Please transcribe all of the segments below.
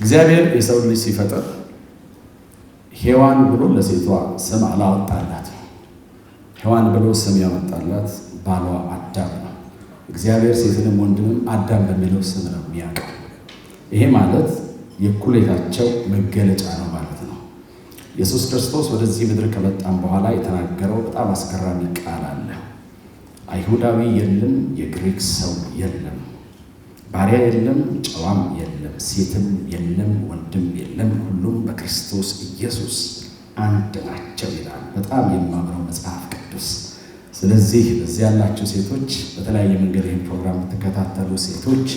እግዚአብሔር የሰው ልጅ ሲፈጥር ሔዋን ብሎ ለሴቷ ስም አላወጣላት። ሔዋን ብሎ ስም ያወጣላት ባሏ አዳም ነው። እግዚአብሔር ሴትንም ወንድንም አዳም በሚለው ስም ነው የሚያውቀው። ይሄ ማለት የእኩሌታቸው መገለጫ ነው ማለት ነው። ኢየሱስ ክርስቶስ ወደዚህ ምድር ከመጣም በኋላ የተናገረው በጣም አስገራሚ ቃል አለ። አይሁዳዊ የለም፣ የግሪክ ሰው የለም ባሪያ የለም፣ ጨዋም የለም፣ ሴትም የለም፣ ወንድም የለም፣ ሁሉም በክርስቶስ ኢየሱስ አንድ ናቸው ይላል። በጣም የማምረው መጽሐፍ ቅዱስ። ስለዚህ በዚህ ያላችሁ ሴቶች፣ በተለያየ መንገድ ይህን ፕሮግራም የምትከታተሉ ሴቶች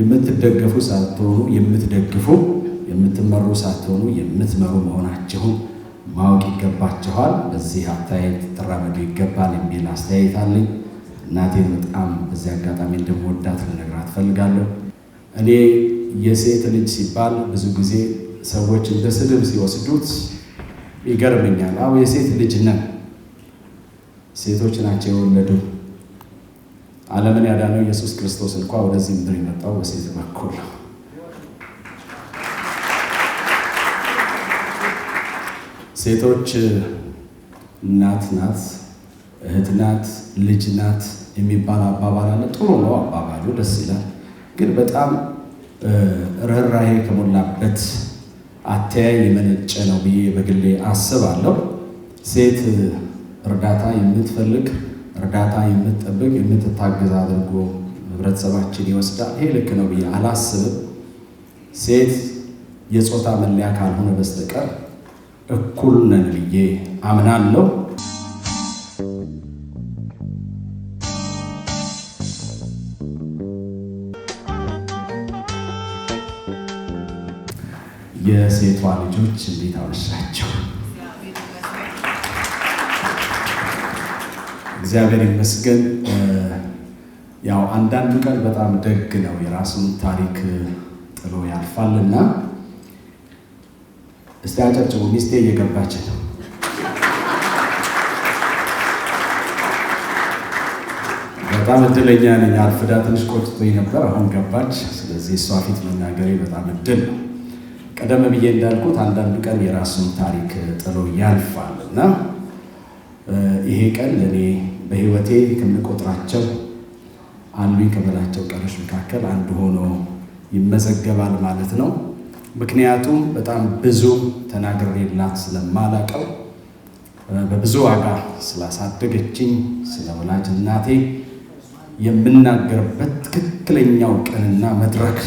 የምትደገፉ ሳትሆኑ የምትደግፉ፣ የምትመሩ ሳትሆኑ የምትመሩ መሆናችሁን ማወቅ ይገባችኋል። በዚህ አስተያየት ትራመዱ ይገባል የሚል አስተያየት አለኝ። እናቴን በጣም በዚህ አጋጣሚ እንደምወዳት እፈልጋለሁ። እኔ የሴት ልጅ ሲባል ብዙ ጊዜ ሰዎች እንደ ስድብ ሲወስዱት ይገርመኛል። አዎ የሴት ልጅ ነን፣ ሴቶች ናቸው የወለዱ። ዓለምን ያዳነው ኢየሱስ ክርስቶስ እንኳ ወደዚህ ምድር የመጣው በሴት በኩል ነው። ሴቶች እናት ናት እህት ናት፣ ልጅ ናት የሚባል አባባል አለ። ጥሩ ነው አባባሉ፣ ደስ ይላል። ግን በጣም ርኅራሄ ከሞላበት አተያይ የመነጨ ነው ብዬ በግሌ አስባለሁ። ሴት እርዳታ የምትፈልግ እርዳታ የምትጠብቅ የምትታገዝ አድርጎ ህብረተሰባችን ይወስዳል። ይሄ ልክ ነው ብዬ አላስብም። ሴት የጾታ መለያ ካልሆነ በስተቀር እኩል ነን ብዬ አምናለሁ። የሴቷ ልጆች እንዴት አመሻቸው? እግዚአብሔር ይመስገን። ያው አንዳንዱ ቀን በጣም ደግ ነው፣ የራሱን ታሪክ ጥሎ ያልፋል እና እስቲ አጨብጭቡ። ሚስቴ እየገባች ነው። በጣም እድለኛ ነኝ። አልፍዳ ትንሽ ቆጭቶኝ ነበር፣ አሁን ገባች። ስለዚህ እሷ ፊት መናገሬ በጣም እድል ነው። ቀደም ብዬ እንዳልኩት አንዳንድ ቀን የራስን ታሪክ ጥሎ ያልፋል እና ይሄ ቀን ለእኔ በህይወቴ ከምቆጥራቸው አንዱ ከበላቸው ቀኖች መካከል አንዱ ሆኖ ይመዘገባል ማለት ነው። ምክንያቱም በጣም ብዙ ተናግሬላት ስለማላቀው በብዙ ዋጋ ስላሳደገችኝ ስለ ወላጅ እናቴ የምናገርበት ትክክለኛው ቀንና መድረክ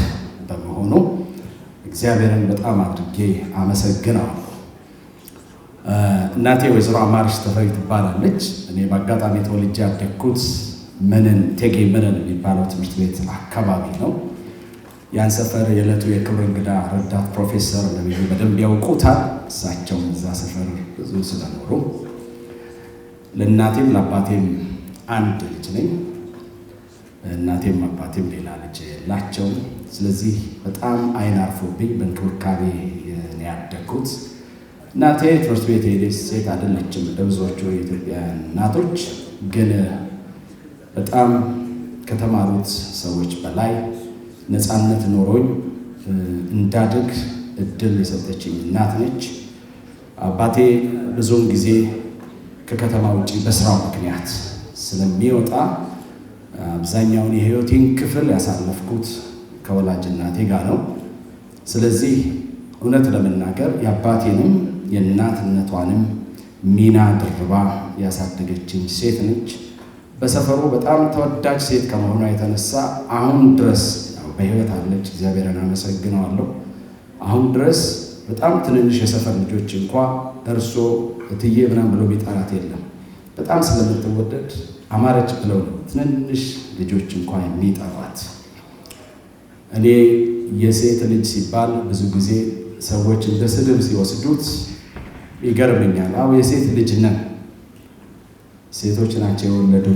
በመሆኑ እግዚአብሔርን በጣም አድርጌ አመሰግናለሁ። እናቴ ወይዘሮ አማርሽ ተፈሪ ትባላለች። እኔ በአጋጣሚ ተወልጄ ያደግኩት ምንን ቴጌ ምንን የሚባለው ትምህርት ቤት አካባቢ ነው። ያን ሰፈር የዕለቱ የክብር እንግዳ ረዳት ፕሮፌሰር ነብዩ በደንብ ያውቁታል። እሳቸውም እዛ ሰፈር ብዙ ስለኖሩ ለእናቴም ለአባቴም አንድ ልጅ ነኝ። እናቴም አባቴም ሌላ ልጅ የላቸውም። ስለዚህ በጣም አይን አርፎብኝ በእንክብካቤ ያደግኩት። እናቴ ትምህርት ቤት የሄደች ሴት አይደለችም ለብዙዎቹ ብዙዎቹ የኢትዮጵያ እናቶች፣ ግን በጣም ከተማሩት ሰዎች በላይ ነፃነት ኖሮኝ እንዳድግ እድል የሰጠችኝ እናት ነች። አባቴ ብዙውን ጊዜ ከከተማ ውጭ በስራው ምክንያት ስለሚወጣ አብዛኛውን የህይወቴን ክፍል ያሳለፍኩት ከወላጅ እናቴ ጋር ነው። ስለዚህ እውነት ለመናገር የአባቴንም የእናትነቷንም ሚና ድርባ ያሳደገችኝ ሴት ነች። በሰፈሩ በጣም ተወዳጅ ሴት ከመሆኗ የተነሳ አሁን ድረስ በህይወት አለች፣ እግዚአብሔርን አመሰግነዋለሁ። አሁን ድረስ በጣም ትንንሽ የሰፈር ልጆች እንኳ እርሶ እትዬ ምናምን ብሎ የሚጠራት የለም። በጣም ስለምትወደድ አማረች ብለው ነው ትንንሽ ልጆች እንኳ የሚጠሯት። እኔ የሴት ልጅ ሲባል ብዙ ጊዜ ሰዎች እንደ ስድብ ሲወስዱት ይገርምኛል። አዎ የሴት ልጅ ነን፣ ሴቶች ናቸው የወለዱ።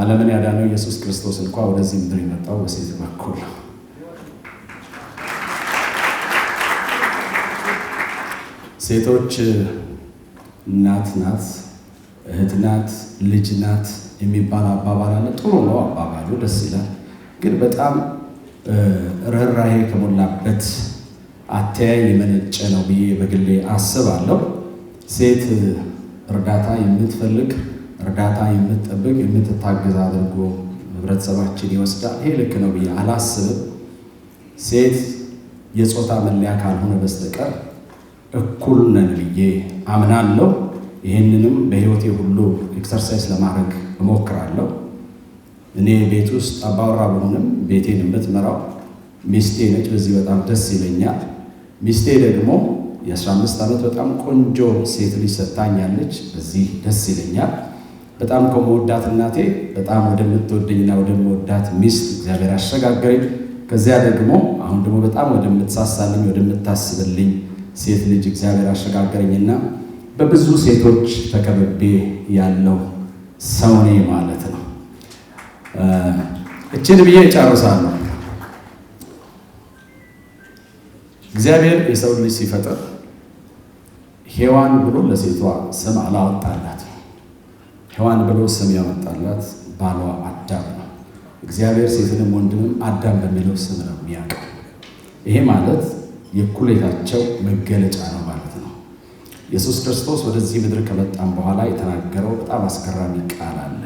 ዓለምን ያዳነው ኢየሱስ ክርስቶስ እንኳ ወደዚህ ምድር የመጣው በሴት በኩል ነው። ሴቶች እናት ናት፣ እህት ናት፣ ልጅ ናት የሚባል አባባል አለ። ጥሩ ነው አባባሉ፣ ደስ ይላል። ግን በጣም ርኅራሄ ከሞላበት አተያይ የመነጨ ነው ብዬ በግሌ አስባለሁ። ሴት እርዳታ የምትፈልግ እርዳታ የምትጠብቅ የምትታገዝ አድርጎ ህብረተሰባችን ይወስዳል። ይሄ ልክ ነው ብዬ አላስብም። ሴት የጾታ መለያ ካልሆነ በስተቀር እኩል ነን ብዬ አምናለሁ። ይህንንም በህይወቴ ሁሉ ኤክሰርሳይዝ ለማድረግ እሞክራለሁ። እኔ ቤት ውስጥ አባወራ በሆንም ቤቴን የምትመራው ሚስቴ ነች። በዚህ በጣም ደስ ይለኛል። ሚስቴ ደግሞ የ15 ዓመት በጣም ቆንጆ ሴት ልጅ ሰጥታኛለች። በዚህ ደስ ይለኛል። በጣም ከመወዳት እናቴ በጣም ወደምትወደኝና ወደምወዳት ሚስት እግዚአብሔር አሸጋገረኝ። ከዚያ ደግሞ አሁን ደግሞ በጣም ወደምትሳሳልኝ ወደምታስብልኝ ሴት ልጅ እግዚአብሔር አሸጋገረኝና በብዙ ሴቶች ተከብቤ ያለው ሰው ነኝ ማለት ነው። እችን ብዬ እጨርሳለሁ። እግዚአብሔር የሰው ልጅ ሲፈጥር ሔዋን ብሎ ለሴቷ ስም አላወጣላት። ሔዋን ብሎ ስም ያወጣላት ባሏ አዳም ነው። እግዚአብሔር ሴትንም ወንድንም አዳም በሚለው ስም ነው የሚያውቀው። ይሄ ማለት የእኩሌታቸው መገለጫ ነው ማለት ነው። ኢየሱስ ክርስቶስ ወደዚህ ምድር ከመጣም በኋላ የተናገረው በጣም አስገራሚ ቃል አለ።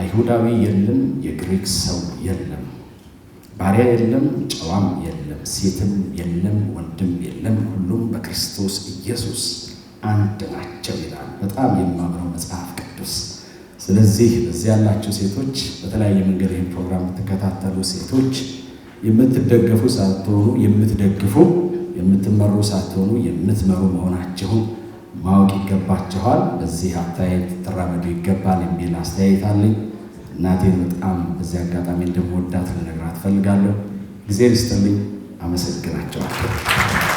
አይሁዳዊ የለም፣ የግሪክ ሰው የለም፣ ባሪያ የለም፣ ጨዋም የለም፣ ሴትም የለም፣ ወንድም የለም፣ ሁሉም በክርስቶስ ኢየሱስ አንድ ናቸው ይላል። በጣም የማምረው መጽሐፍ ቅዱስ። ስለዚህ በዚህ ያላችሁ ሴቶች፣ በተለያየ መንገድ ይህን ፕሮግራም የምትከታተሉ ሴቶች የምትደገፉ ሳትሆኑ የምትደግፉ፣ የምትመሩ ሳትሆኑ የምትመሩ መሆናችሁን ማወቅ ይገባችኋል፣ በዚህ አስተያየት ትራመዱ ይገባል የሚል አስተያየት አለኝ። እናቴን በጣም በዚህ አጋጣሚ እንደምወዳት ልነግራት እፈልጋለሁ። ጊዜ ይስጥልኝ። አመሰግናቸዋለሁ።